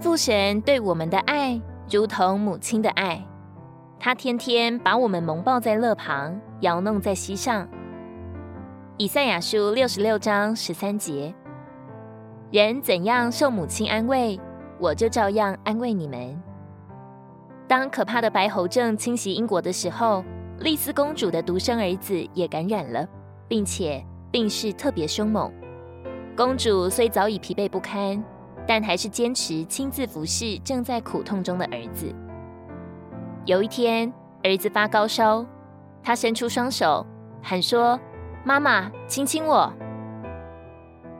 父神對我們的愛如同母親的愛，他天天把我們蒙抱在肋旁，搖弄在膝上。以賽亞書六十六章十三節：人怎樣受母親安慰，我就照樣安慰你們。當可怕的白喉症侵襲英國的時候，麗斯公主的獨生兒子也感染了，並且病勢特別凶猛。公主雖早已疲憊不堪。但還是堅持親自服侍正在苦痛中的兒子。有一天，兒子發高燒，他伸出雙手，喊說：“媽媽，親親我。”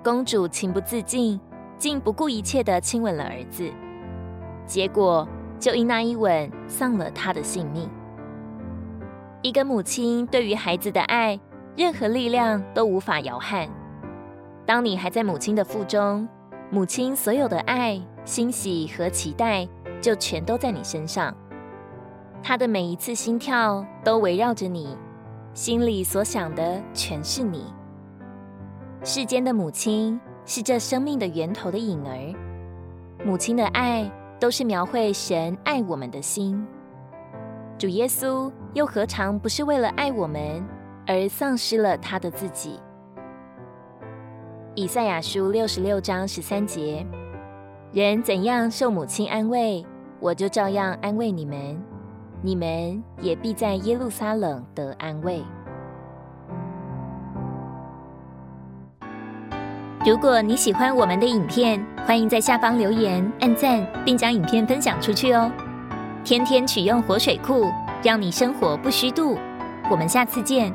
公主情不自禁，竟不顧一切地親吻了兒子，結果就因那一吻喪了他的性命。一個母親對於孩子的愛，任何力量都無法搖撼。當你還在母親的腹中，母親所有的愛、欣喜和期待，就全都在你身上。她的每一次心跳都圍繞着你，心裡所想的全是你。世間的母親是這生命的源頭的影兒，母親的愛都是描繪神愛我們的心。主耶穌又何嘗不是為了愛我們而喪失了他的自己？以賽亞書六十六章十三節：人怎樣受母親安慰，我就照樣安慰你們；你們也必在耶路撒冷得安慰。如果你喜歡我們的影片，歡迎在下方留言、按讚，並將影片分享出去哦！天天取用活水庫，讓你生活不虛度。我們下次見。